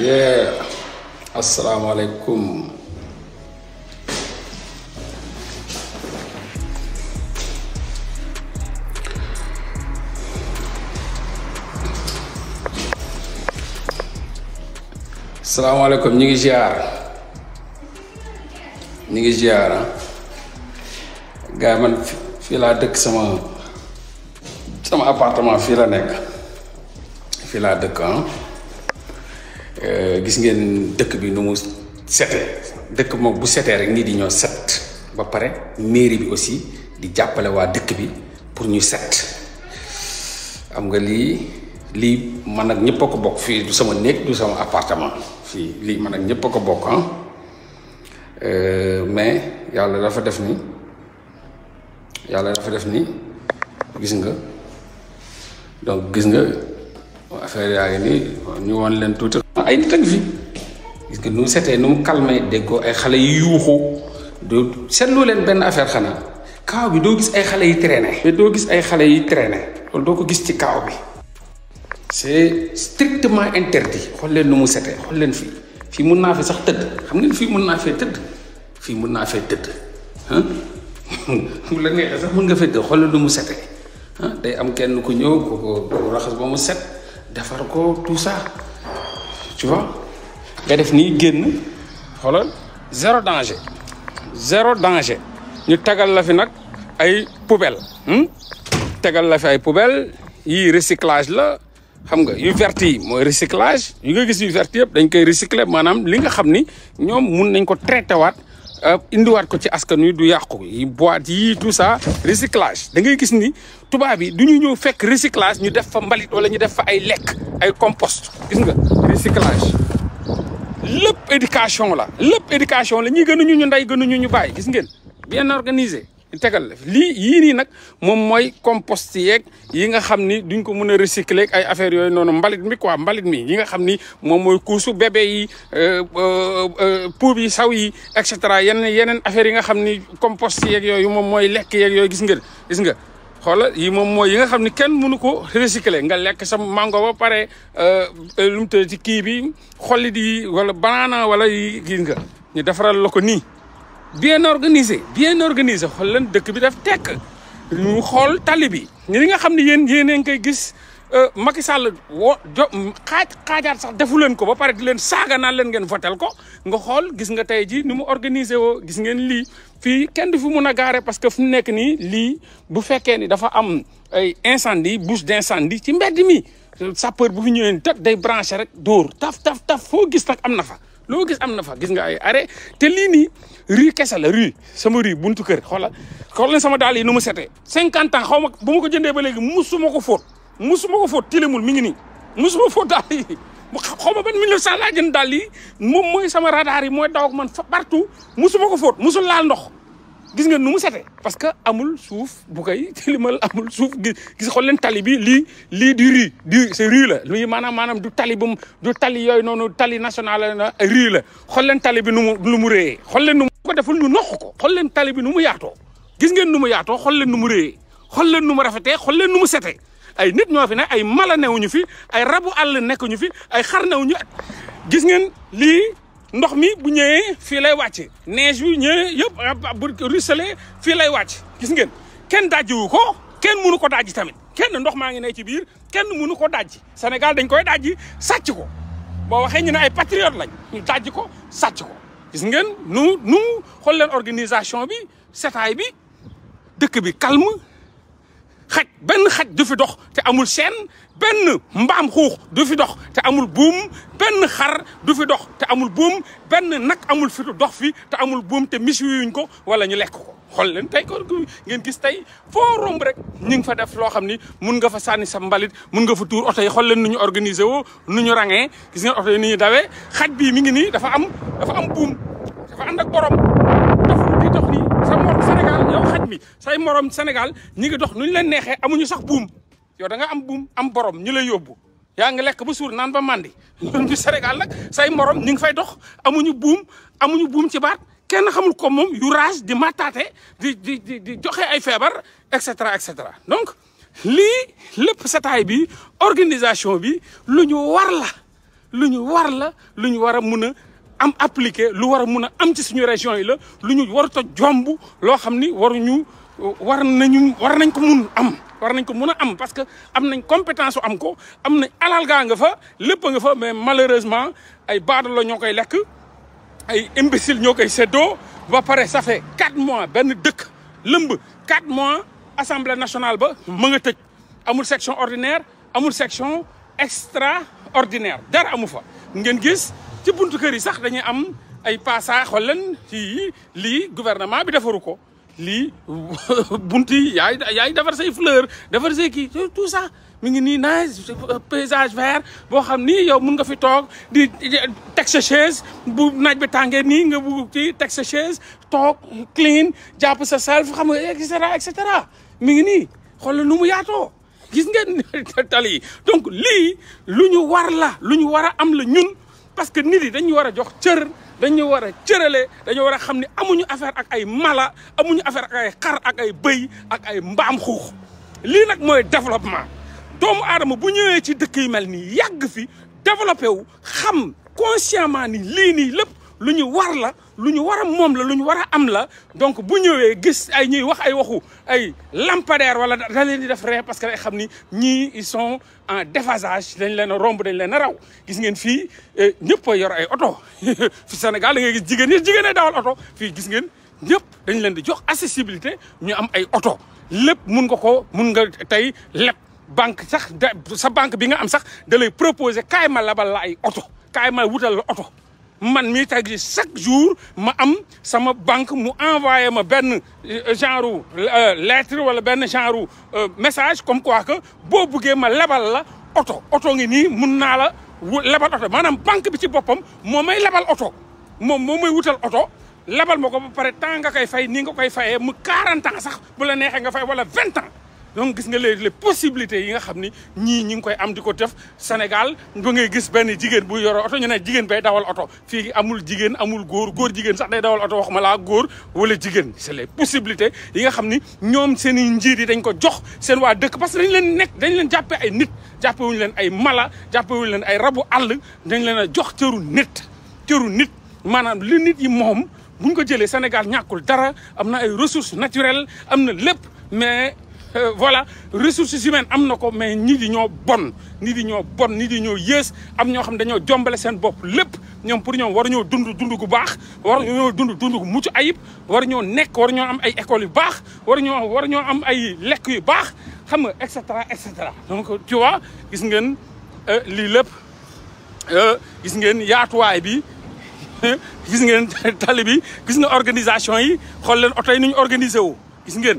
yeah asalaamaaleykum asalaamaaleykum ñu ngi ziar ñu ngi ziar gars man fii laa dëkk sama sama appartement fii la nekk fii laa dëkk ah gis ngeen dëkk bi nu mu setee dëkk moom bu setee rek nit yi ñoo set ba pare mairie bi aussi di jàppale waa dëkk bi pour ñu set am nga lii lii man nag ñëpp a ko bokk fii du sama néeg du sama appartement fii lii man ak ñëpp a ko bokk ah euh, mais yàlla dafa def ni yàlla dafa def ni gis nga donc gis nga affaire yaa ngi nii ñu woon leen tuuti. ay nit ak fi gis nga nu mu setee nu mu calmé dégg ko ay xale yu yuuxu doo seetloo leen benn affaire xanaa kaaw bi doo gis ay xale yi traîné. mais doo gis ay xale yi traîné doo ko gis ci kaaw bi. c'est strictement interdit xool leen nu mu setee xool leen fii fii mun naa fi sax tëdd xam ngeen fii mun naa fee tëdd fii mun naa fee tëdd ah bu la neexee sax mën nga fee tëdd xool leen nu mu setee ah day am kenn ku ñëw ku ko mu set. defar ko tout ça tu vois nga def ni génn xolal zéro danger zéro danger ñu tagal la fi nag ay poubelle hmm? tegal la fi ay poubelle yi recyclage la xam nga yu vert yi mooy recyclage yu nga gis yu vert yëpp dañ koy recycler maanaam li nga xam ni ñoom mun nañ ko traité waat euh, indiwaat ko ci askan wi du yàqu yi boîte yi tout ça recyclage da ngay gis ni tubaab yi du ñu ñëw fekk recyclage ñu def fa mbalit wala ñu def fa ay lekk ay compost gis nga recyclage lépp éducation la lépp éducation la ñi gënuñu ñu ndey gënuñu ñu bàyyi gis ngeen bien organisé tegal la lii yii nii nag moom mooy compost yeeg yi nga xam ni duñ ko mën a recycler ay affaires yooyu noonu mbalit mi quoi mbalit mi ñi nga xam ni moom mooy kuusu bébé yi euh, euh, euh, puub yi saw yi et cetera yenn yeneen affaires yi nga xam ni compost yeeg yooyu moom mooy lekk yeeg yooyu gis ngeen gis nga xoola yi moom mooy yi nga xam ne kenn munu ko recycler nga lekk sa mango ba pare euh, euh, lu mu ci kii bi xolli di wala banaana wala yi gis nga ñu defaral la ko nii bien organisé bien organisé xool leen dëkk bi daf tekk ñu xool tali bi ñi nga xam ne yéen yéen a ngi koy gis euh, Macky Sall woo jo xaaj xaajaat sax defu leen ko ba pare di leen saaga naan leen ngeen votel ko nga xool gis nga tey ji ni mu organisé woo gis ngeen lii fii kenn di fi mun a gaare parce que fu nekk nii lii bu fekkee ni dafa am ay incendie bouche d' incendie ci mbedd mi sapeur bu fi ñëwee teg day branché rek dóor taf taf taf foo gis nag am na fa loo gis am na fa gis nga ay arrêt te lii nii rue kese la rue sama rue buntu kër xoola xoola sama daal yi nu mu setee cinquante ans xaw ma bu ma ko jëndee ba léegi musuma ko fóot musuma ko fóot tilimul mi ngi nii musuma foo daal yi xaw ma ban 1900 laa jënd daal yi moom mooy sama radar yi mooy daw ak man fa partout musuma ko fóot musul laal ndox gis ngeen nu mu setee parce que amul suuf bu koy tilimal amul suuf gi gis xool leen tali bi lii lii du riz du c'est riz la maanaam maanaam du tali bu du tali yooyu noonu tali national na riz la xool leen tali bi nu mu mu réyee xool leen ko deful ñu noq ko xool leen tali bi nu mu yaatoo gis ngeen nu mu yaatoo xool leen nu mu réyee xool leen nu mu rafetee ay nit ne ay fi ay rabu àll nekkuñu fi ay xar newuñu gis ngeen lii ndox mi bu ñëwee fii lay neige bi ñëwee yëpp bu ruisselé lay wàcc gis ngeen kenn dajjiwu ko kenn mënu ko dajji tamit kenn ndox maa ngi ne ci biir kenn mënu ko dajji Sénégal dañ koy dajji ko ñu ay lañ ñu ko organisation bi xaj benn xaj du fi dox te amul seen benn mbaam xuux du fi dox te amul buum benn xar du fi dox te amul buum benn nag amul fi dox fi te amul buum te mis yuñ ko wala ñu lekk ko xool leen tey ko ngeen gis tey foo romb rek ñu ngi fa def loo xam ni mun nga fa sànni sa mbalit mun nga fa tuur oto yi xool leen nu ñu organiser woo nu ñu rangee gis ngeen oto yi ni ñu dawee xaj bii mi ngi nii dafa am dafa am buum dafa ànd ak borom Sénégal yow xaj mi say moroom Sénégal ñi ngi dox nu ñu leen neexee amuñu sax buum yow da nga am buum am borom ñu lay yóbbu yaa ngi lekk ba suur naan ba màndi ñun ñu Sénégal nag say morom ñi ngi fay dox amuñu buum amuñu buum ci baat kenn xamul ko moom yu rage di mataate di di di joxe ay feebar et cetera et cetera donc lii lépp setaay bi organisation bi lu ñu war la lu ñu war la lu ñu war a mun a am appliqué lu war a am ci suñu région yi la a jomb loo waruñu war nañu war nañ ko am war nañ am parce que am nañ compétence am ko am nañ alal gaa nga fa nga fa mais malheureusement ay la ñoo koy lekk ay imbécile ñoo koy ça fait quatre mois benn dëkk lëmb quatre mois assemblée nationale ba ma nga section ordinaire amul section extraordinaire dara amu fa ngeen gis ci buntu kër yi sax dañuy am ay passa xool leen fii lii gouvernement bi defaru ko lii bunt yi yaay yaay defar say fleur defar say kii tout sax mi ngi nii naaj paysage vert boo xam ni yow mun nga fi toog di teg sa chaise bu naaj bi tàngee nii nga bugg ci teg sa chaise toog clean jàpp sa self xam nga et cetera mi ngi nii xoolal nu mu yaatoo gis ngeen tali yi donc lii lu ñu war la lu ñu war a am la ñun parce que nit yi dañu war a jox cër dañu war a cërale dañu war a xam ne amuñu affaire ak ay mala amuñu affaire ak ay xar ak ay bëy ak ay mbaam xuux lii nag mooy développement doomu aadama bu ñëwee ci dëkk yi mel nii yàgg fi développé wu xam consciemment ni lii nii lépp lu ñu war la lu ñu war a moom la lu ñu war a am la donc bu ñëwee gis ay ñuy wax ay waxu ay lampadaire wala da leen di def ree parce que day xam ni ñii ils sont en déphasage dañ leen a romb dañ leen a raw gis ngeen fii eh, ñëpp a yor ay oto fi Sénégal da ngay jigéen ñi jigéen ñi dawal oto fii gis ngeen ñëpp dañ leen di jox accessibilité ñu am ay oto lépp mun nga ko mun nga tey lépp banque sax sa banque bi nga am sax da lay proposer kaay ma labal la ay oto kaay ma wutal la oto man mii taxi chaque jour ma am sama banque mu envoyé ma benn euh, genre euh, lettre wala benn genre euh, message comme quoi que boo buggee ma labal la oto oto ngi nii mun naa la lebal oto maanaam banque bi ci boppam moo may labal oto moom moo may wutal oto labal ma ko ba pare temps nga koy fay nii nga koy fayee mu 40 ans sax bu la neexee nga fay wala 20 ans donc gis nga léegi les possibilités yi nga xam ni ñii ñi koy am di ko def Sénégal ba ngay gis benn jigéen bu yoro oto ñu ne jigéen bay dawal oto fii amul jigéen amul góor góor jigéen sax day dawal oto waxuma laa góor wala jigéen c'est les possibilité yi nga xam ni ñoom seeni i njiit yi dañ ko jox seen waa dëkk parce que dañ leen nekk dañ leen jàppee ay nit jàppewuñu leen ay mala jàppewuñu leen ay rabu àll dañ leen a jox cëru nit cëru nit maanaam li nit yi moom buñ ko jëlee Sénégal ñàkkul dara am na ay ressources naturelles am na lépp mais Euh, voilà ressources humaines am bonnes, mais nit ñoo bonnes, ni ñoo bon bonnes, ñoo yes am ñoo xam dañoo jombalé sen bop lepp ñom pour ñoom ñoo dund dund gu baax ñoo dund dund gu mucc ayib nek ñoo am ay écoles yu ñoo ñoo am ay lek yu xam nga donc tu vois gis ngeen euh, lepp euh gis ngeen bi gis ngeen bonnes, gis nga organisation yi xol leen auto yi ñu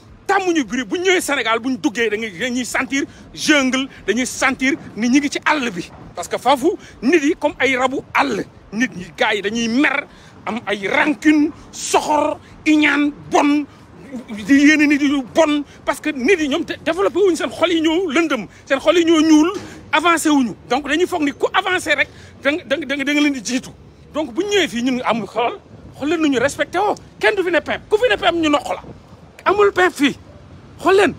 tàmmuñu bruit bu ñëwee Sénégal bu ñu duggee dañuy dañuy sentir jungle dañuy sentir ni ñi ngi ci àll bi. parce que foofu nit yi comme ay rabu àll nit ñi gars yi dañuy mer am ay rancune soxor iñaan bon di yéene nit yu bon. parce que nit yi ñoom développé wuñ seen xol yi ñoo lëndëm seen xol yi ñoo ñuul avancé wuñu donc dañuy foog ni ku avancé rek da nga da nga leen di jiitu donc bu ñëwee fii ñun amul xool xool leen nu ñu respecté woo kenn du fi ne pepp ku fi ne pepp ñu noq amul pepp fii xool leen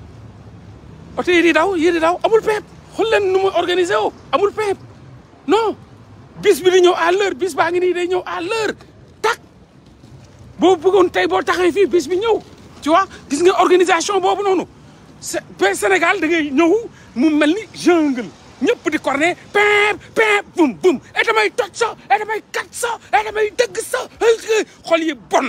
oto yi di daw yi di daw amul pepp xool leen nu mu organisé woo amul pepp non bis bi di ñëw à l'heure bis baa ngi nii day ñëw à l'heure tak boo bëggoon tey boo taxee fii bis bi ñëw tu vois gis nga organisation boobu noonu ba Sénégal da ngay ñëw mu mel ni jungle ñëpp di corné pep pep bum bum et eh, damay toj sa et eh, damay kat sa et eh, damay dëgg sa xool yi bon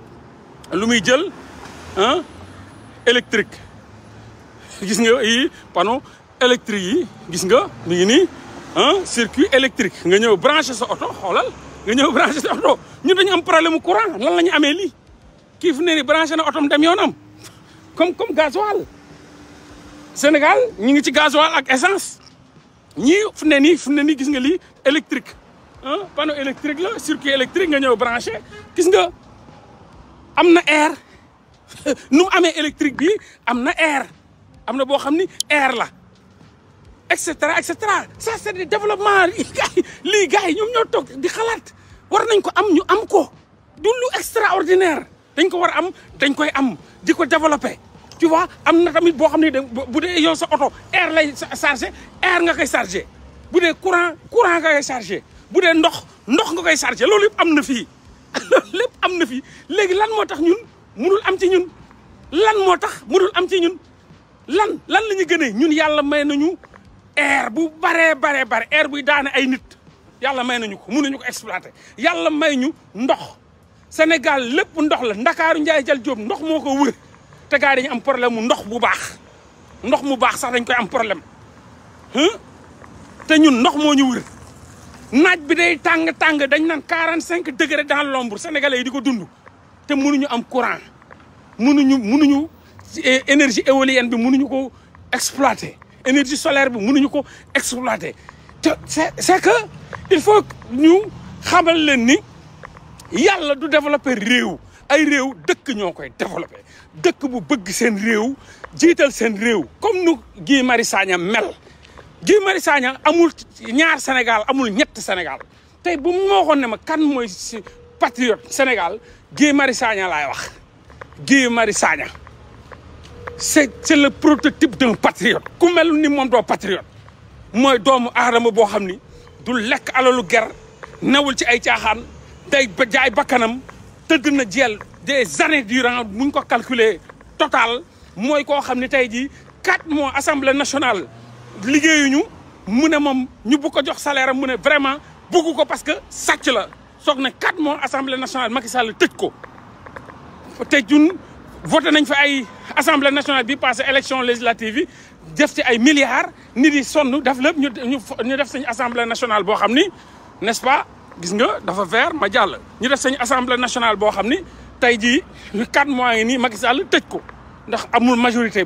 lumuy jël hein électrique gis nga yi panneau électrique yi gis nga mi ngi ni hein circuit électrique nga ñëw brancher sa auto xolal nga ñëw brancher sa auto ñu dañu am problème courant lan lañu amé li ki fu né ni brancher na otom dem yonam comme comme gasoil Sénégal ñi ngi ci gasoil ak essence ñi fu né ni fu né ni gis nga li électrique hein panneau électrique la circuit électrique nga ñëw brancher gis nga am na air nu mu amee électrique bi am na air am na boo xam ni air la et cetera et cetera ça c'est du développement lii gars yi ñoom ñoo toog di xalaat war nañ ko am ñu am ko du lu extraordinaire dañ ko war a am dañ koy am di ko développer tu vois am na tamit boo xam ne da bu dee yow sa oto air lay chargé air nga koy chargé bu dee courant courant nga koy chargé bu dee ndox ndox nga koy chargé loolu yëpp am na fii loolu lépp am na fi léegi lan moo tax ñun munul am ci ñun lan moo tax munul am ci ñun lan lan la ñu gënee ñun yàlla may nañu air bu baree baree bare air buy daane ay nit yàlla may nañu ko mun nañu ko exploité yàlla may ñu ndox Sénégal lépp ndox la ndakaaru njaay jal jóob ndox moo ko wër te gars yi dañu am problème mu ndox bu baax ndox mu baax sax dañ koy am problème te ñun ndox moo ñu wër naaj bi dey tàng-tàng dañ naan quarante cinq degré dans l'ombre sénégale yi di ko dundu te mënuñu am courant mënuñu mënuñu énergie éolienne bi mënuñu ko exploiter énergie solaire bi mënuñu ko exploité te c'est que il faut ñu xabal leen ni yàlla du développer réew ay réew dëkk ñoo koy développer dëkk bu bëgg seen réew jiital seen réew comme nu Guy Marius Sagna mel Guy Marius amul ñaar Sénégal amul ñett Sénégal Tay bu mu ma kan patriote Sénégal Guy suis Sagna wax Guy c'est le prototype d'un patriote ku mel ni mom un patriote Moy doomu Je suis xamni du alalu ci ay na des années durant ko calculer total un ko xamni tay ji 4 mois assemblée nationale nous avons ne salaire vraiment beaucoup parce que la quatre mois assemblée nationale Macky Sall ko nañ fa nationale bi passé élection législative On milliards nit yi sonu assemblée nationale n'est-ce pas gis nga dafa vert ma jall ñu def assemblée nationale mois, xamni tay mois ni Macky Sall majorité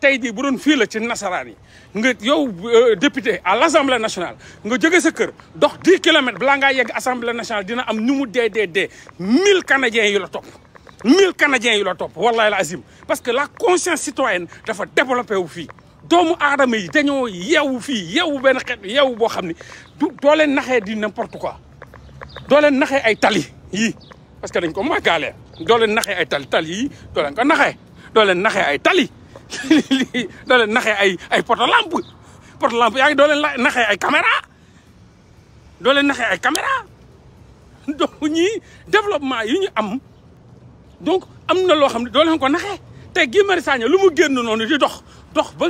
tey jii bu doon fii la ci nasaraan yi nga yow euh, député à l' assemblée nationale nga jóge sa kër dox 10 kilomètres balaa ngaa yegg assemblée nationale dina am ñu mu dee dee dee mille canadiens yu la topp mille canadiens yu la topp wallahi la azim parce que la conscience citoyenne dafa développé wu fii doomu aadama yi te dañoo yeewu fii yeewu benn xeet yeewu boo xam ne du doo leen naxee di n'importe quoi doo leen naxee ay tali yii parce que dañ ko màggaalee doo leen naxee ay tali tali yii doo leen naxee doo leen naxee ay tali lii doo ay ay poto lamp poto lamp yaa ngi doo leen naxee ay caméra doo leen ay caméra donc ñii développement yi ñu am donc am na loo xam ne doo leen ko naxee te Guy Marius Sagna lu mu génn noonu di dox dox ba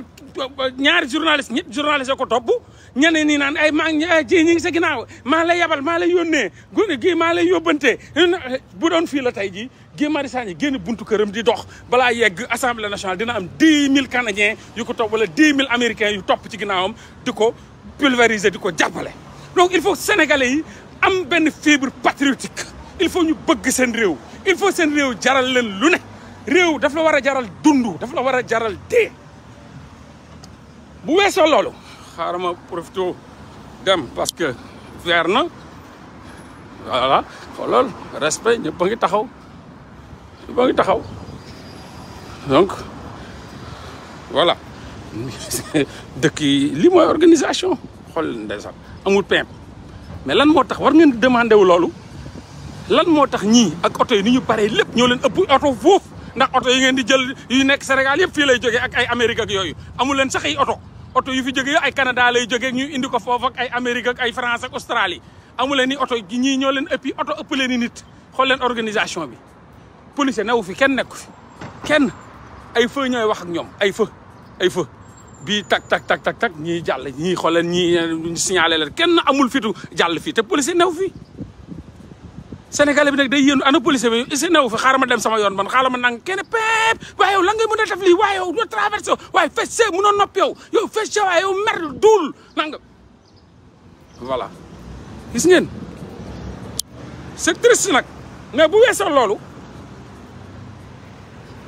ñaari journaliste ñëpp journaliste ko topp ñeneen ñi naan ay maa ji ñi ngi sa ginnaaw maa lay yabal maa lay yónnee gune gi maa lay yóbbante bu doon fii la tey jii Guy Marius Sagna génn buntu këram di dox balaa yegg assemblée nationale dina am dix mille canadiens yu ko topp wala dix mille américains yu topp ci ginnaawam di ko pulvériser di ko jàppale donc il faut sénégalais am benn fibre patriotique il faut ñu bëgg seen réew il faut seen réew jaral leen lu ne réew daf la war a jaral dund daf la war a jaral dee bu weesoo lolu xaram ma dem parce que verna voilà xoolal respect ñëpp a taxaw ñëpp a taxaw donc voilà dëkk yi li moy organisation xol ndessal amul pain mais lan motax war ngeen demandé wu lolu lan motax ñi ak auto yi ni ñu paré lepp ñoo leen ëpp auto foofu ndax auto yi ngeen di jël yu nekk Sénégal yépp fi lay joggé ak ay Amérique ak yoyu amu leen sax ay auto oto yu fi jóge ay Canada lay jóge ñu indi ko foofu ay Amérique ak ay France ak Australie amu leen ni oto ji ñii ñoo leen ëppi oto ëpp leen ni nit xool leen organisation bi police newu fi kenn nekku fi kenn ay feu ñooy wax ak ñoom ay feu ay feu bii tak tak tak tak tak ñii jàll ñii xool leen ñii signalé leen kenn amul fitu jàll fii te police newu fi sénégalais bi nak day yéenu ana police bi isi new fi xaram dem sama yoon man xala ma nang kene pep way yow la ngay mëna def li way yow do traverser way fessé mënoo nopp yow yow fessé way yow mer dul nang voilà gis ngeen c'est triste nak mais bu weesoo lolu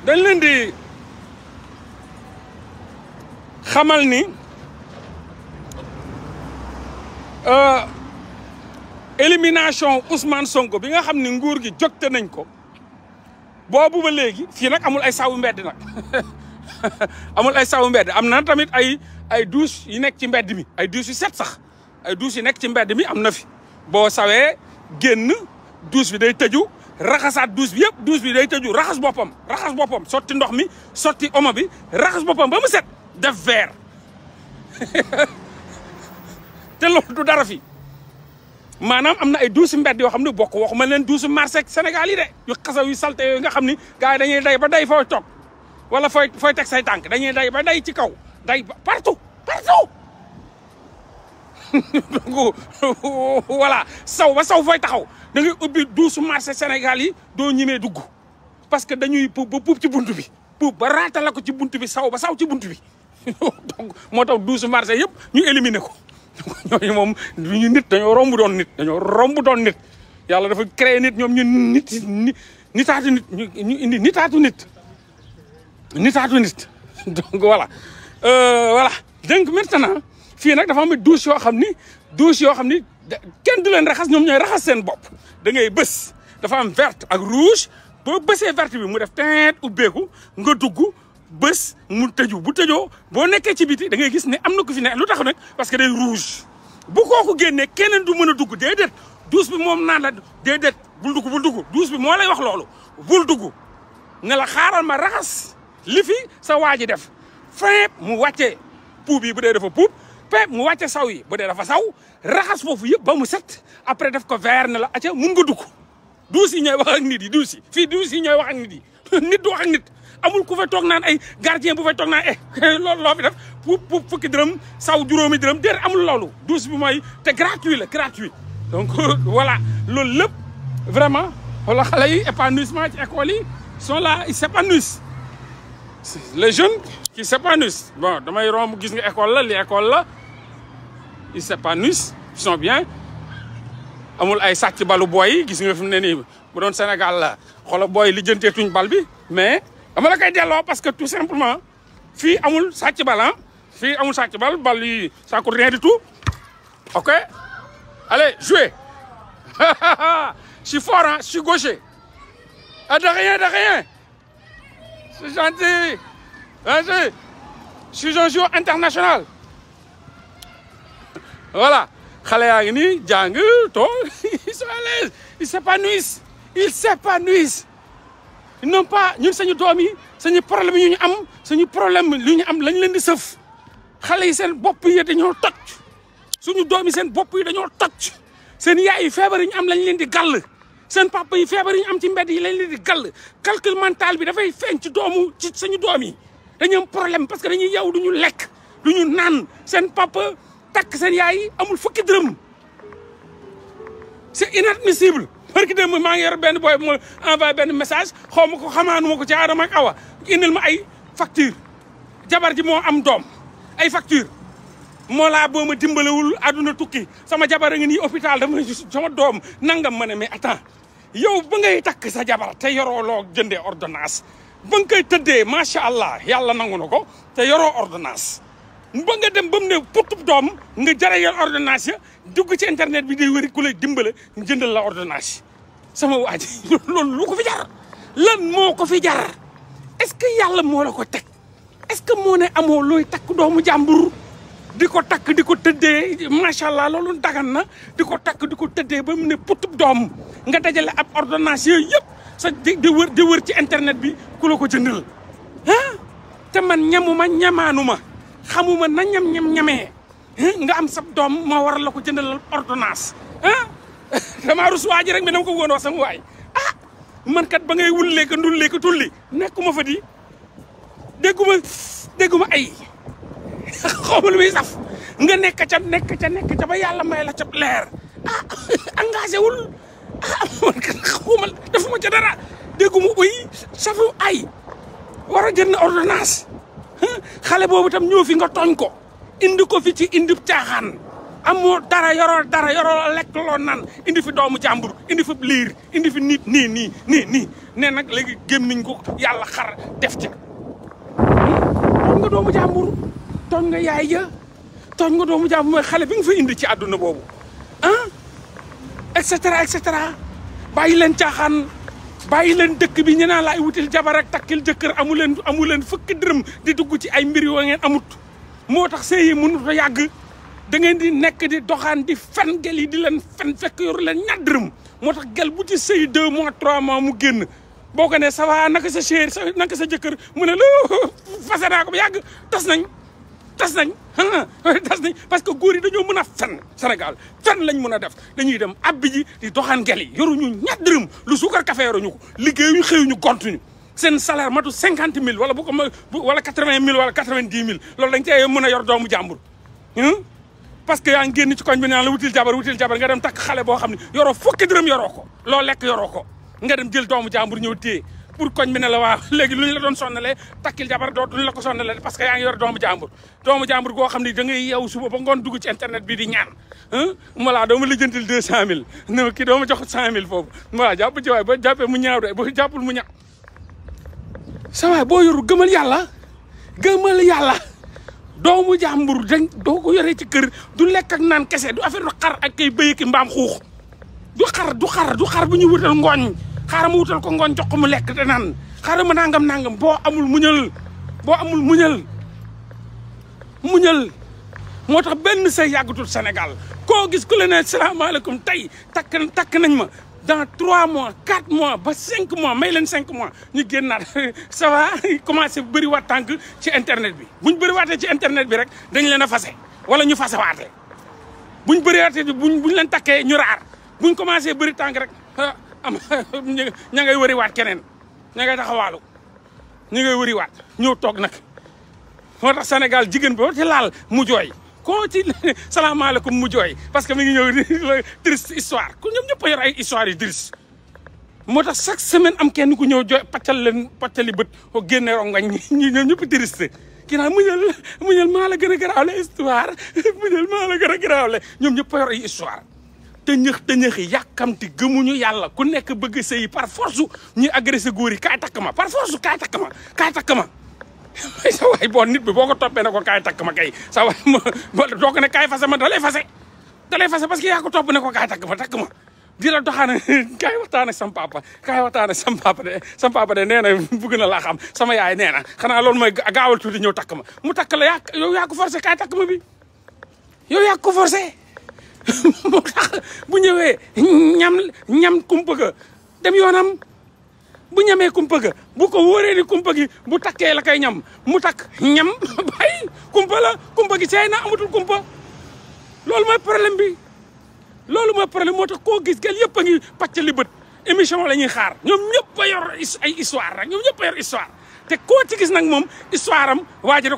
dañ leen di xamal ni euh élimination Ousmane Sonko bi nga xam ne nguur gi jógte nañ ko boobu ba léegi fii nag amul ay sawu mbedd nag amul ay sawu mbedd am na tamit ay ay douche yu nekk ci mbedd mi ay douche yu set sax ay douche yu nekk ci mbedd mi am na fi boo sawee génn douche bi day tëju raxasaat douche bi yëpp douche bi day tëju raxas boppam raxas boppam sotti ndox mi sotti omo bi raxas boppam ba mu set def veer te loolu du dara fi maanaam am na ay douze mbedd yoo xam ne bokk waxuma leen douze marché Sénégal yi de yu xasaw yu salte yooyu nga xam ni gars yi dañuy day ba day fooy toog wala fooy fooy teg say tànk dañuy day ba day ci kaw day ba partout partout donc voilà saw ba saw fooy taxaw da ngay ubbi douze marché Sénégal yi doo ñimee dugg parce que dañuy puub ba puub ci bunt bi puub ba raata la ko ci bunt bi saw ba saw ci bunt bi donc moo tax douze marché yëpp ñu éliminer ko ñooñu moom ñu nit dañoo rombu doon nit dañoo rombu doon nit yàlla dafa créer nit ñoom ñu nit nitaatu nit ñu indi nitaatu nit nitaatu nit donc voilà euh, voilà donc maintenant fii nag dafa am douche yoo xam ni douche yoo xam ni kenn du leen raxas ñoom ñooy raxas seen bopp da ngay bës dafa am verte ak rouge boo bësee verte bi mu def teint ubbeeku nga dugg bus mu teju bu tejo bo nekké ci biti da ngay gis né amna ko fi ne lu tax parce que day rouge bu koku génné kenen du mëna dugg déedéet douce bi mom naan la déedéet bu dugg bu dugg douce bi mo lay wax lolu bu dugg ne la xaaral ma raxas li fi sa waji def fep mu waccé pou yi bu dé dafa puub fep mu waccé saw yi bu dé dafa saw raxas fofu ba mu set après def ko verne la aca mu nga dugg douce yi ñoy wax ak nit yi douce fi douce yi ñoy wax ak nit yi nit du wax ak nit amul ku fa tok nan ay gardien bu fa tok nan eh loolu loo fi def pou pour fukki dërëm saw juróomi dërëm der amul lolu douche bi mooy te gratuit la gratuit donc voilà loolu lepp vraiment wala xalé yi épanouissement ci école yi sont là ils s'épanouissent les jeunes qui s'épanouissent bon damay romb gis nga école la li école la ils s'épanouissent ils sont bien amul ay sàcc balu boy yi gis nga fi ni ne bu doon Sénégal la xol boy li jënteetuñ bal bi mais je la dire parce que tout simplement fii amul sàcc hein? ah Amoul amul sàcc bal bal ne ça coûte rien du tout ok allez jouez je suis fort hein, je suis gaucher ah, de rien de rien c'est gentil je suis un joueur international voilà xale Agni, ils sont à l'aise ils s'épanouissent ils s'épanouissent non pas ñun sañu doom yi sañu problème yu ñu am suñu problème yu ñu am lañ leen di sëf xale yi seen bopp yi dañoo toj suñu doom yi seen bopp yi dañoo toj seen yaay yi feebar yi ñu am lañ leen di gàll seen papa yi feebar yi ñu am ci mbedd yi lañ leen gàll calcul bi dafay feeñ doomu ci suñu doom yi dañu problème parce que dañuy yow duñu lekk duñu naan seen papa takk seen yaay amul fukki dërëm c'est inadmissible barki démb maa ngi yor boy bu envoyer ben message xomako ma ko ci adam ak Awa indil ma ay facture jabar ji mo am dom ay facture Mola laa boo ma dimbalewul aduna tukki sama jabar a ngi nii hôpital dama sama dom nangam mané mais attends yow ba ngay tak sa jabar te yoro lo jende ordonnance bang kay koy tëddee macha allah yàlla nangu te yoro ordonnance mba nga dem bam ne putub dom nga jare ordonnance ya ci internet bi day wëri ku lay ñu jëndal la ordonnance sama waji lool lu ko fi jar lan moko fi jar est-ce que yalla mo la ko tek est-ce que mo ne amo loy tak doomu jambur di tak diko di ko tëddee allah loolu dagan na di tak diko di bam ne putub dom nga dajale ab ordonnance yuk sa di wër di wër ci internet bi ku la ko jëndal ah te man ñamuma ñamanuma xamuma na ñam ñam ñamee nga am sab doom moo waral la ko jëndalal ordonnance ah damaa rus waa ji rek mais ko woon wax sama waay ah man kat ba ngay wullee ko ndullee ko tulli nekkuma fa di dégguma dégguma ay xawma lu muy saf nga nekk ca nekk ca nekk ca ba yàlla may la ca leer ah engagé wul ah man kat xawma defuma ca dara dégguma uy safu ay war a jënd ordonnance xale boobu tam ñëw fi nga tooñ ko indi ko fi ci indi caaxaan amoo dara yoroo dara yoroo lekk loo nan indi fi doomu jàmbur indi fi liir indi fi nit nii nii nii nii ne nag léegi gémmiñ ko yàlla xar def ci tooñ nga doomu jàmbur tooñ nga yaay ja tooñ nga doomu jàmbur mooy xale bi nga fa indi ci àdduna boobu ah et cetera et caaxaan bàyyi leen dëkk bi ñu naan la ay wutil jabar ak takkil jëkkër amu leen amu leen fukki dërëm di dugg ci ay mbir yoo ngeen amut moo tax sëy yi a yàgg da ngeen di nekk di doxaan di fen gel yi di leen fen fekk yoru leen ñaar dërëm moo tax gel bu ci sëy deux mois trois mois mu génn boo ko ne ça va naka sa chéri sa naka sa jëkkër mu ne la fase naa ko ba yàgg tas nañ tas nañ tas nañ parce que góor yi dañoo mën a fenn Sénégal fenn lañ mën a def dañuy dem abbi ji di doxaan gel yi yoruñu ñaat dërëm lu suukar café yoruñu ko liggéeyuñu xëyuñu gontuñu seen salaire matu cinquante mille wala bu ko wala quatre-vingt mille wala quatre-vingt-dix mille loolu dañ cee mën a yor doomu jàmbur parce que yaa ngi génn ci koñ bi naan la wutil jabar wutil jabar nga dem takk xale boo xam ne yoroo fukki dërëm yoroo ko loo lekk yoroo ko nga dem jël doomu jàmbur ñëw pour koñ mi ne la wax legui luñ la doon sonalé takil jabar do luñ la ko sonalé parce que ya nga yor doomu jambour doomu jambour go xamni da ngay yeewu suba ba ngon dugg ci internet bi di ñaan hein mala dama lijeentil 200000 ne ki dama jox 100000 fofu mala japp ci way ba jappé mu ñaaw de ba jàppul mu ñaaw sa way bo yoru gëmal yalla gëmal yalla doomu jambour dañ do ko yoré ci kër du lek ak naan kessé du affaire du xar ak kay beuy ki mbam xux du xar du xar du xar bu ñu wutal ngooñ xaaral ma wutal ko ngoon jox ko mu lekk te naan xaaral ma nangam nangam boo amul muñal boo amul muñal muñal moo tax benn say yàggatul Sénégal koo gis ku la ne salaamaaleykum tey takk takk nañ ma dans trois mois quatre mois ba cinq mois may leen cinq mois ñu génnaat ça va commencé bëri waat tànk ci internet bi buñ bëri watee ci internet bi rek dañ leen a fase wala ñu fase waatee buñ bëri waatee buñ buñ leen takkee ñu raar buñ commencé bëri tànk rek ah, am ña ngay waat keneen ña ngay taxawaalu ñi ngay wëriwaat ñëw toog nag moo tax Sénégal jigéen boo ci laal mu jooy ko ci salaamaaleykum mu jooy parce que mi ngi ñëw triste histoire ku ñoom ñëpp yor ay histoire yu triste moo tax chaque semaine am kenn ku ñëw jooy paccal leen paccali bët ko génne rongañ ñi ñoom ñëpp triste ki naa mu muñal maa la gën a garaawle histoire muñal maa la gën a garaawle ñoom ñëpp yor ay histoire tëñëx yakam ti gëmuñu yalla ku nekk bëgg sey par force ñi agressé góor yi kaay takk par force kay takk kay kaay takk may sa way bon nit bi boko topé nako kay ko kay sa way ma do ko ne kay fase ma dalay fase dalay fase parce que ya ko top ne ko kaay takk di la doxaana kay waxtaan ak sam papa kay waxtaan ak sam papa de sam papa de neena bëgg na la xam sama yaay neena xana lool moy gawal tuti ñew ñëw mu tak la yak yow ya ko forcé kay takk bi yow ya ko forcé moo bu ñëwee ñam ñam kumpa ga dem yoonam bu ñamee kumpa ga bu ko wóoree ni kumpa gi bu takkee la koy ñam mu takk ñam bàyyi kumpa la kumpa gi seey na amatul kumpa loolu mooy problème bi loolu mooy problème moo tax koo gis gel yëpp a ngi pàcc li bët émission la ñuy xaar ñoom ñëpp a yor ay histoire rek ñoom ñëpp yor histoire te koo ci gis nag moom histoire am waa ji da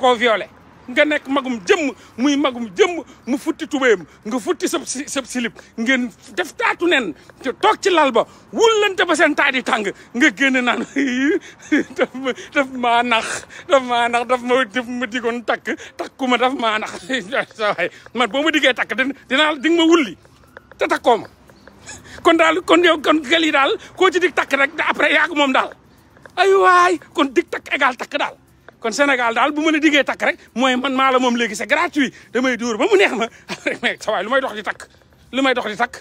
nga nekk magum jëmm muy magum jëmm mu futti tubéyam nga futti sab sab silib ngeen def taatu nen toog ci lal ba wullante ba seen taat yi tàng nga génn naan daf ma nax daf daf ma daf takk digoon takk ma daf maa nax sa man boo ma diggee takk dinaa di nga ma wulli te takkoo ma kon daal kon yow kon gel yi daal koo ci dig takk rek après yaag moom daal ay waay kon dig takk égal takk daal kon Sénégal daal bu ma la diggee takk rek mooy man maa la moom léegi c'est gratuit damay dóor ba mu neex ma rek mais sa lu may dox di takk lu may dox di takk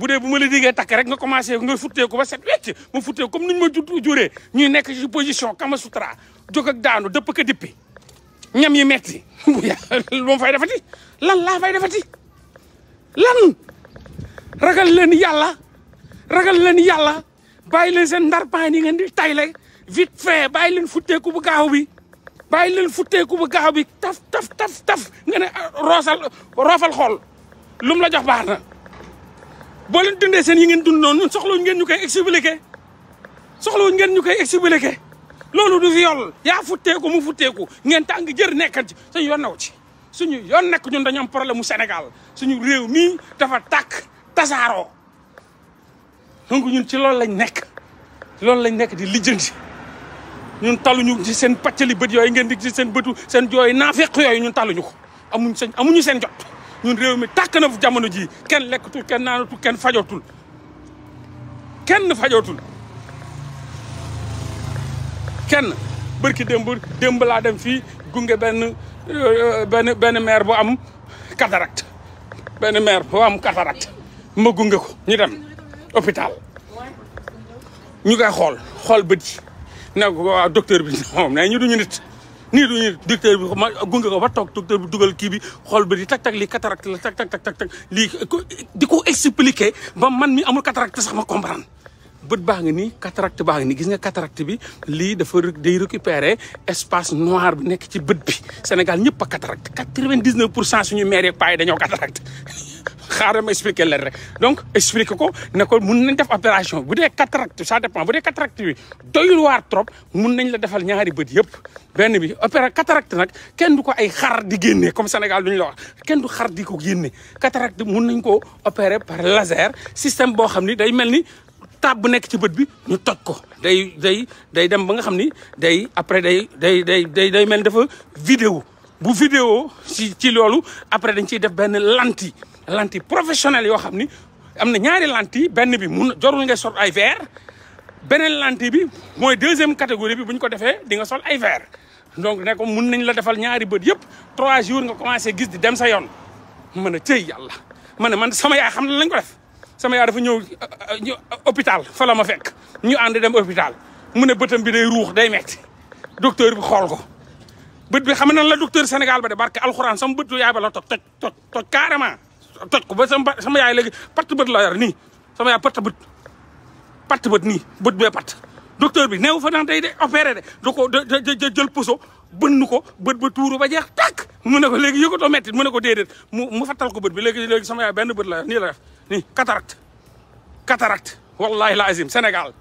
bu dee bu ma la diggee takk rek nga commencé nga futteeku ba set wecc ma futteeku comme nuñ ma jut juree ñuy nekk ci position kama sutra jóg ak daanu dëpp ka dippi ñam yi metti lu ma fay defati lan laa fay defati lan ragal leen yàlla ragal leen yàlla bàyyi leen seen ndar ndarpaan yi ngeen di tayle vite fait bàyyi leen futteeku bu gaaw bi bàyyi leen futteeku bu gaaw bi taf taf taf taf nga ne ah, roosal roofal xool lu la jox baax na boo leen dundee seen yi ngeen dund noonu ñun soxlawuñ ngeen ñu koy expliqué soxlawuñ ngeen ñu koy expliqué loolu du fi yool yaa futteeku mu futteeku ngeen ngi jër nekkat ci suñu yoon naw ci suñu yoon nekk ñun dañoom am problème mu Sénégal suñu réew mii dafa tàkk tasaaroo donc ñun ci loolu lañ nekk loolu lañ nekk di lijjanti ñun ñu ci seen pàccali beut yoy ngeen dig ci seen beutu seen jooy naafeq yoy ñun talu ko amuñu seen amuñu seen jot ñun rew mi tak na jamono ji kenn lekkatul kenn tul kenn fajotul kenn fajotul kenn barki demb demb la dem fi gungé ben euh, ben ben maire bu am cataract ben maire bu am cataract ma gungé ko ñu dem hôpital ñu koy xol xol beut ne ko waaw docteur bi moom ne ñu duñu nit nii duñu docteur bi ma gunge ko ba toog docteur bi dugal kii bi xool bi di tak tak li cataracte la tak tak tak tak lii di ko expliquer ba man mi amul cataracte sax ma comprendre bët baa ngi nii cataracte baa ngi nii gis nga cataracte bi lii dafa day récupérer espace noir bi nekk ci bët bi Sénégal ñëpp a cataracte quatre-vingt-dix-neuf pour cent suñu maire yeeg paa dañoo cataracte xaaral ma expliquer leen rek donc expliquer ko ne ko mun nañ def opération bu dee cataracte ça dépend bu dee cataracte bi doyul waar trop mun nañ la defal ñaari bët yëpp benn bi opéra cataracte nag kenn du ko ay xar di génne comme Sénégal duñ la wax kenn du xar di ko génne cataracte mun nañ ko opérer par laser système boo xam ni day mel ni you ci bi ñu toj ko day après day day day vidéo vidéo ci après dañ def lanti lanti professionnel yo xamni lanti ben bi jorul deuxième catégorie bi buñ ko sol verre donc trois jours nga commencé gis di dem sa sama yaay dafa ñëw hopital euh, euh, euh, fa la ma fekk ñu ànd dem hôpital mu ne bëtam bi day ruux day metti docteur bi xool ko bët bi xam nan la docteur Sénégal ba de barke alxuraan sama bëtu yaay ba la toj toj toj toj carrément toj ko ba sama sama yaay léegi patt bët la yor nii sama yaay patt bët patt bët nii bët bee patt docteur bi neew fa naan day de opéré de da ko da jël poso bënn ko bët ba tuuru ba jeex tàkk mu ne ko léegi yëgatoo mettit mu ne ko déedéet mu mu fattal ko bët bi léegi léegi sama yaay benn bët la yor nii la def ni cataracte cataracte wallahi la azim Sénégal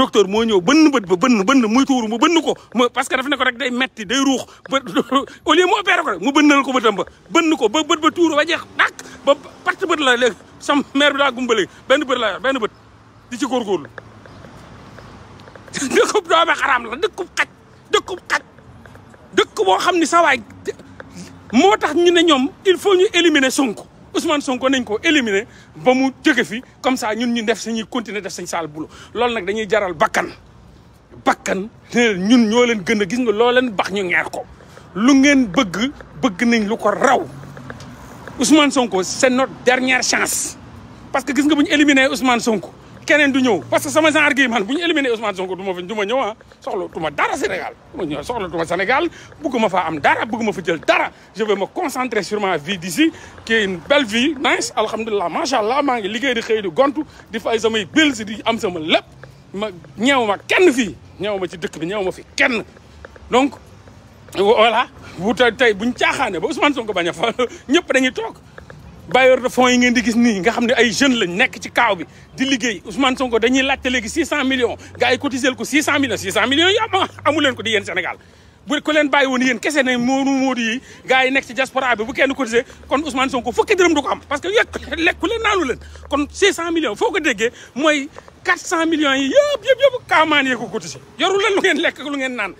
docteur moo ñëw bënn bët ba bënn bënn muy tuuru mu bënn ko ma parce que daf ne ko rek day metti day ruux ba au lieu mu opéré ko rek mu bënnal ko bëtam ba bënn ko ba bët ba tuuru ba jeex dàq ba part bët la léegi sam bi daa gumbale benn bët benn bët di ci góorgóorlu dëkkub doomi xaraam la dëkkub xaj dëkkub xaj dëkk boo xam ni sawaay moo tax ñu ne ñoom il faut ñu éliminer Sonko Ousmane Sonko nañ ko éliminer ba mu jóge fi comme ça ñun ñu def sañuy continuer def sañ saal boulot loolu nag dañuy jaral bakkan bakkan ñun ñoo leen gën gis nga loo leen bax ñu ngeer ko lu ngeen bëgg bëgg nañ lu ko raw Ousmane Sonko c'est notre dernière chance parce que gis nga bu ñu éliminer Ousmane Sonko keneen du ñew parce que sama genre gi man bu ñu éliminé Ousmane Sonko duma ma duma ñew ma ñëw ah. tuma dara Sénégal du ñew ñëw tuma Sénégal bëgguma fa am dara bëgguma fa jël dara je vais me concentrer sur ma vie d'ici qui est une belle vie nice alhamdulilah machallah allah maa ngi liggéey di xey du gontu di fay samay bills di am sama lépp ma ñeew kenn fi ñewuma ci dëkk bi ñewuma fi kenn donc voilà bu tey buñ caaxaane ba Ousmane Sonko baña fa ñëpp dañuy tok bailleur de fonds yi ngeen di gis nii nga xam ne ay jeunes lañ nekk ci kaaw bi di liggéey Ousmane Sonko dañuy laajte léegi 600 millions gars yi cotisé ko 600 millions 600 millions yi am amu leen ko di yéen Sénégal bu ko leen bàyyi woon yéen kese ne moodu moodu yi gars yi nekk ci diaspora bi bu kenn cotisé kon Ousmane Sonko fukki dërëm du ko am parce que yekk lekku leen naanu leen kon 600 millions foo ko déggee mooy 400 millions yi yëpp yëpp yee ko cotisé yoru leen lu lekk lu ngeen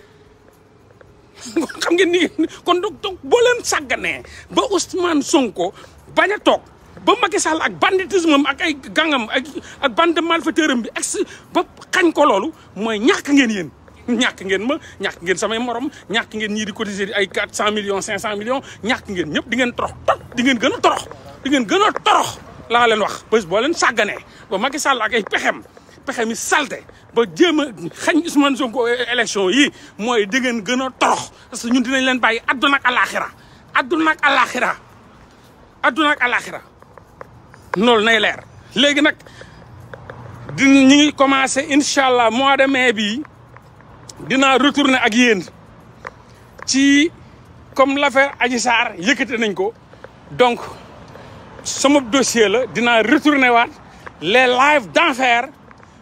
xam ngeen ni kon donc boo leen sàgganee ba Ousmane Sonko bañ toog ba Macky Sall ak banditisme am ak ay gangam ak ak bande malfaiteur am bi ex ba xañ ko loolu mooy ñax ñàkk ngeen yéen. ñàkk ngeen ma ñàkk ngeen samay morom ñàkk ngeen ñii di cotiser ay quatre cent millions cinq cent millions ñàkk ngeen ñëpp ngeen torox tot di ngeen gën a torox di ngeen gën a torox laa leen wax bés boo leen sàgganee ba maki Sall ak ay pexem pexe mi salte ba jéem a xañ Ousmane Sonko élection yi mooy di gën a torox parce que ñun dinañ leen bàyyi àdduna ak alaxira àdduna ak alaxira aduna ak alakhira loolu nay leer léegi nak di ngi commencer inshallah mois de mai bi dina retourner ak yéen ci comme l'affaire Adji Sarr yëkkate nañ ko donc sama dossier la dina retourner wat les lives d'enfer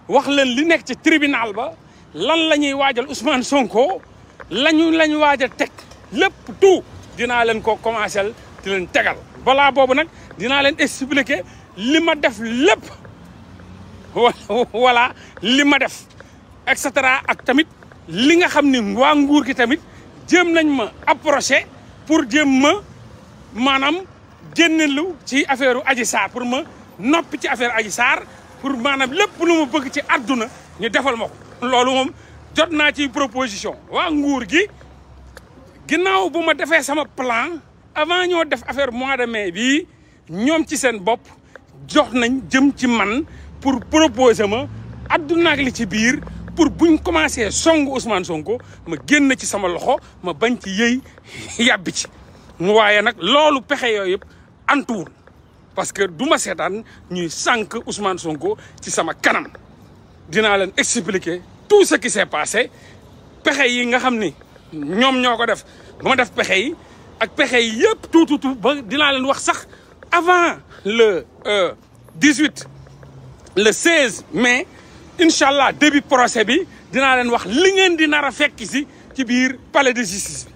wax leen li nekk ci tribunal ba lan lañuy ñuy Ousmane Sonko lañu lañ waaj tek lepp tout dina leen ko commencer di leen tegal bala bobu nak dina len expliquer lima def lepp wala lima def et cetera ak tamit li nga xamni wa nguur ki tamit jëm nañ ma approcher pour jëm ma manam gennelu ci affaireu Adji sar pour ma noppi ci affaire Adji sar, pour manam lepp lu ma bëgg ci aduna ñu defal mako lolu mom moom jot naa ci proposition wa nguur gi ginnaaw buma defé sama plan avant ñoo def affaire mois de mai bi ñom ci sen bop jox nañ jëm ci man pour proposer ma àdduna ak li ci biir pour buñ commencé songu Ousmane Sonko ma génn ci sama loxo ma bañ ci yey yab ci waaye waye nak lolu yooyu yoyep antuwul parce que duma sétane ñuy sank Ousmane Sonko ci sama kanam dina leen expliquer tout ce qui s'est passé pexe yi nga xamni ñom ñoko def ba def pexe yi ak pexe yëpp tout tout ba dina len wax sax avant le 18 euh, le 16 mai inshallah début procès bi dina len wax li ngeen di nara a fekk si ci biir palais de justice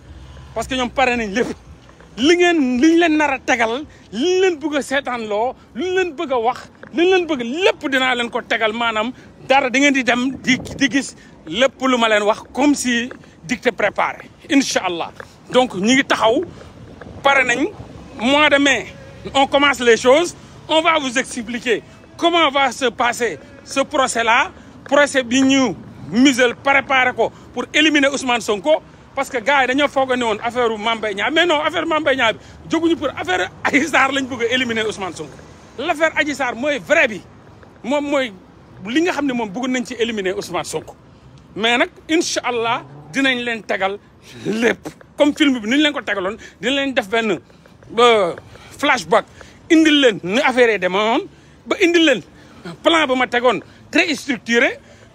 parce que ñom paré nañ lépp li ngeen liñ leen nara tégal tegal liñ leen bëgg sétane lo liñ leen bëgg wax liñ leen bëgg lepp dina len ko tégal manam dara di ngeen di dem di di gis lepp lu ma wax comme si dicté préparé incha donc nous ngi taxaw nañ mois de mai on commence les choses on va vous expliquer comment va se passer ce procès là procès bi nous musel préparé pour éliminer Ousmane Sonko parce que gars yi dañoo foog ne on affaire Mame Niang mais non affaire Mame Mbaye Niang bi pour affaire Aïssar pour éliminer Ousmane Sonko l'affaire Aïssar, est vrai bi moom mooy li nga xam ne éliminer Ousmane Sonko mais Inch'Allah, nous allons dinañ leen comme film bi ni ñu leen ko tegaloon dina leen def benn flashback indil leen nu affaire yi demoon ba indil leen plan ba ma tegoon très structuré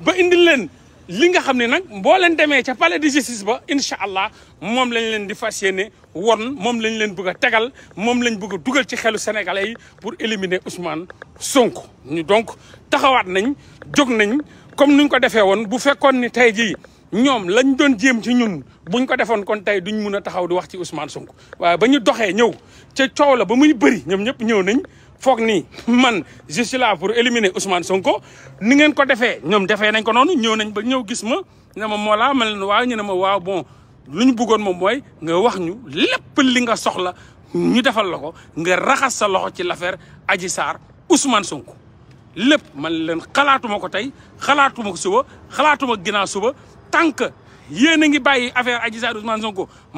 ba indi leen li nga xam ne nag boo leen demee ca palais de justice ba incha allah moom lañ leen di fas yéene won moom lañ leen bëgg a tegal moom lañ bëgg a dugal ci xelu sénégalais yi pour éliminer Ousmane Sonko. ñu donc taxawaat nañ jóg nañ comme nuñ ko defee woon bu fekkoon ni tey jii. ñoom lañ doon jéem ci ñun buñ ko defoon kon tey duñ mun a taxaw di wax ci Ousmane Sonko waaye ba ñu doxee ñëw ca coow la ba muy bëri ñoom ñëpp ñëw nañ foog nii man je la là pour éliminer Ousmane Sonko ni ngeen ko defee ñoom defee nañ ko noonu ñëw nañ ba ñëw gis ma ne ma moo laa ma leen waaw ñu ne ma waaw bon lu ñu bëggoon moom mooy nga wax ñu lépp li nga soxla ñu defal la ko nga raxas sa loxo ci l'affaire aji saar Ousmane Sonko lépp man leen xalaatuma ko tey xalaatuma ko xalaatuma ginnaaw suba tant que yéen a ngi bàyyi affaire Adji Sarr ma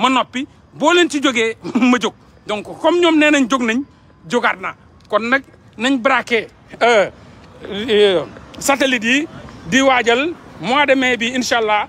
noppi boo leen ci jógee ma jóg donc comme ñoom nee nañ jóg nañ jógaat na kon nag nañ braqué euh, euh, satellite yi di waajal mois de mai bi incha allah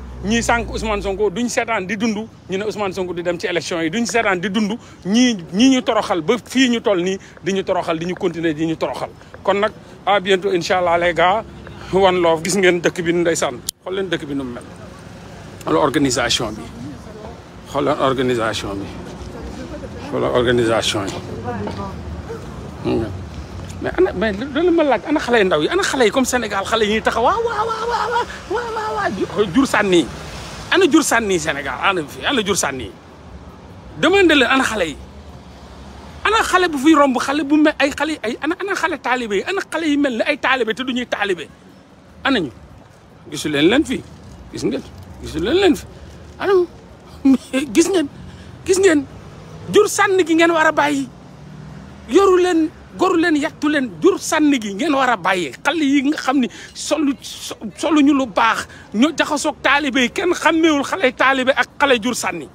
ñii sànq Ousmane Sonko duñ seetaan di dundu ñu ne Ousmane Sonko di dem ci élection yi ñu seetaan di dundu ñii ñii ñu toroxal ba fii ñu toll nii di ñu toroxal di ñu continuer di ñu toroxal. kon nag à bientôt incha allah les gars One Love gis ngeen dëkk bi nu ndeysaan xool leen dëkk bi nu mu mel xool organisation bi xool organisation bi xool organisation yi. mais ana mais loolu ma laaj ana xale yu ndaw yi ana xale yi comme Sénégal xale yi ñuy taxaw waaw waaw waaw waaw waaw waaw jur sànni ana jur sànni Sénégal ana fi ana jur sànni demande leen ana xale yi ana xale bu fiy romb xale bu mel ay xale ay ana ana xale taalibe yi ana xale yi mel ne ay taalibe te du ñuy taalibe ana ñu gisu leen leen fii gis ngeen gisu leen leen fi ana gis ngeen gis ngeen jur sànni gi ngeen war a bàyyi yoru leen. goru leen yàttu leen jur sànni gi ngeen war a bàyyi xale yi nga xam ni solu ñu lu baax ñoo jaxasoog taalibe yi kenn xàmmeewul xale taalibe ak xale jur sànni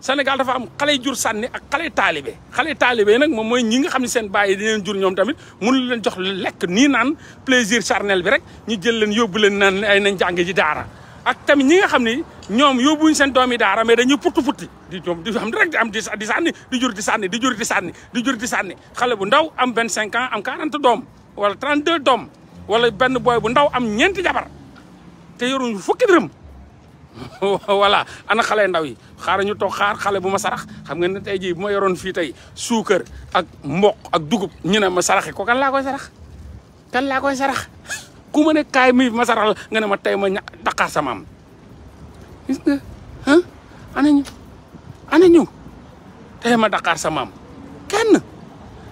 Sénégal dafa am xale jur sanni ak xale taalibe xale taalibe nag moom mooy ñi nga xam ne seen bàyyi di jur ñoom tamit mënu leen jox lekk nii naan plaisir charnel bi rek ñu jël leen yóbbu leen naan ay nañ jàng ji daara ak tam ñi nga xamni ñom yobuñ yóbbuñ seen doomi daara mais dañuy putu putti di jom di xam rek di am di di di jur di sanni di jur di sanni di jur di sanni xale bu ndaw am 25 ans am 40 dom wala 32 dom wala ben boy bu ndaw am ñent jabar te yoruñ fukki dërëm wala ana xale ndaw yi xaar ñu xaar xale bu ma sarax xam nga tay ji bu ma yoron fi tay suukar ak mbokk ak dugub ñina ma saraxé ko kan la koy sarax kan la koy sarax ku ma ne kaay mi ma saral nga ne ma tey ma ña daqaar sama am gis nga ah anañu anañu tey ma daqaar sama am kenn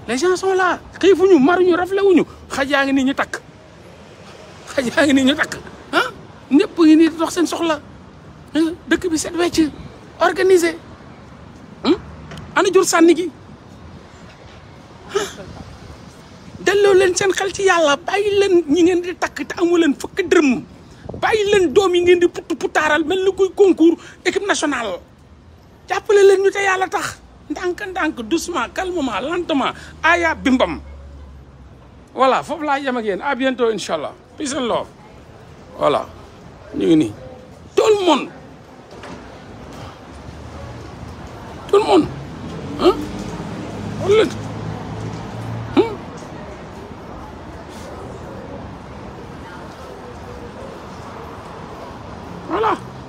les gens sont là xiifuñu maruñu raflewuñu xaj yaa ngi ni ñu takk xaj yaa ngi nii ñu takk ah ñëpp ngi nii dox seen soxla dëkk bi set wecc organisé ana jur sànni gi len sen xel ci yalla bàyyi len ñi ngeen di tak ta amu len fukk dërëm bàyyi len doom yi ngeen di putu putaral melni kuy concours équipe nationale jappale len ñu te yalla tax ndank ndank doucement calmement lentement aya bimbam voilà foofu la yem ak yéen bientôt inshallah peace and love voilà ñu ngi ni tout le monde tout le monde ah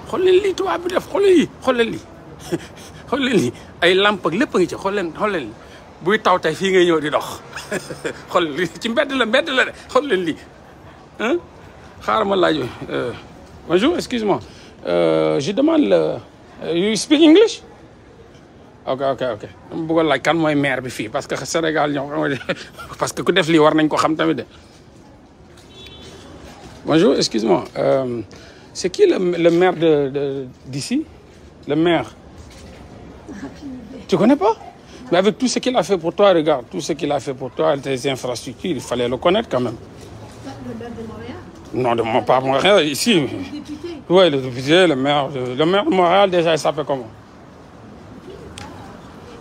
xool leen lii tubaab bi def xool lii xool leen lii xool leen lii ay lamp ak lépp a ngi ci xool leen xool leen buy taw tay fi ngay ñew di dox xool ci mbedd la mbedd la de xool leen lii hein? xaaral ma laaj euh, bonjour excuse-moi euh je demande le euh, you speak English ok ok ok dama bëggoon laaj kan mooy maire bi fii parce que Sénégal ñoo parce que ku def lii war nañ ko xam tamit de bonjour excuse-moi euh, c'est qui le, maire d'ici de, Le maire Tu connais pas Mais avec tout ce qu'il a fait pour toi, regarde, tout ce qu'il a fait pour toi, tes infrastructures, il fallait le connaître quand même. Le maire de Montréal Non, de, mon, pas Montréal, ici. Le député Oui, le député, le maire. Le maire de Montréal, déjà, il s'appelle comment Tu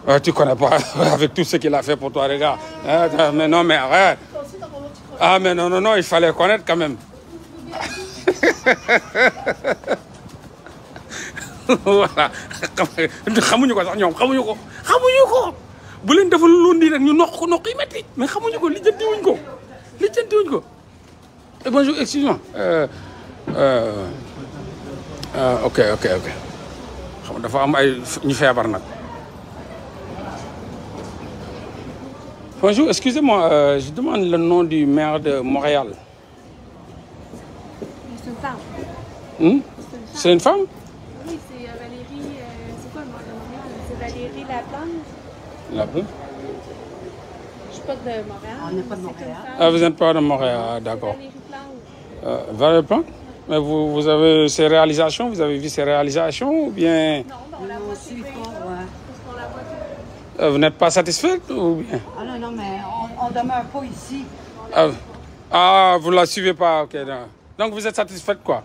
ah, tu connais pas, avec tout ce qu'il a fait pour toi, regarde. Ah, mais non, mais arrête. Ah, mais non, non, non, il fallait connaître quand même. voilà bonjour excuse-moi euh, euh, euh, ok ok ok bonjour excusez-moi je demande le nom du maire de Montréal Hmm? C'est une femme? Oui, c'est euh, Valérie. Euh, c'est quoi le nom de Montréal? C'est Valérie Laplanche? Laplanche? Je suis pas de Montréal. On n'est pas de Montréal. Ah, vous n'êtes pas de Montréal, ah, d'accord. Valérie euh, Valérie Plante. Mais vous, vous, avez ses réalisations, vous avez vu ses réalisations ou bien. Non, on la voit pas, vous n'êtes pas satisfaite ou bien Ah non, non, mais on ne demeure pas ici. Ah, ah vous ne la suivez pas, ok. Donc vous êtes satisfaite quoi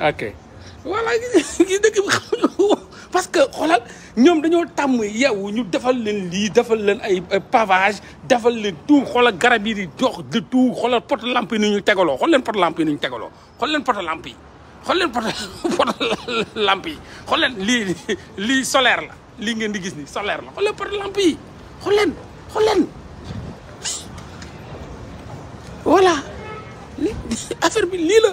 ok voilà gis dëkk bi xam parce que xoolal ñoom dañoo tàmm yow ñu defal leen lii defal leen ay pavage defal leen tout xoolal garab yi di dox de tout xoolal poto lamp yi ni ñu tegaloo xool leen poto lamp yi ni ñu tegaloo xool leen poto lamp yi xool leen poto poto lamp yi xool leen lii lii solaire la lii ngeen di gis ni solaire la xool leen poto lamp yi xool leen xool leen voilà affaire bi lii la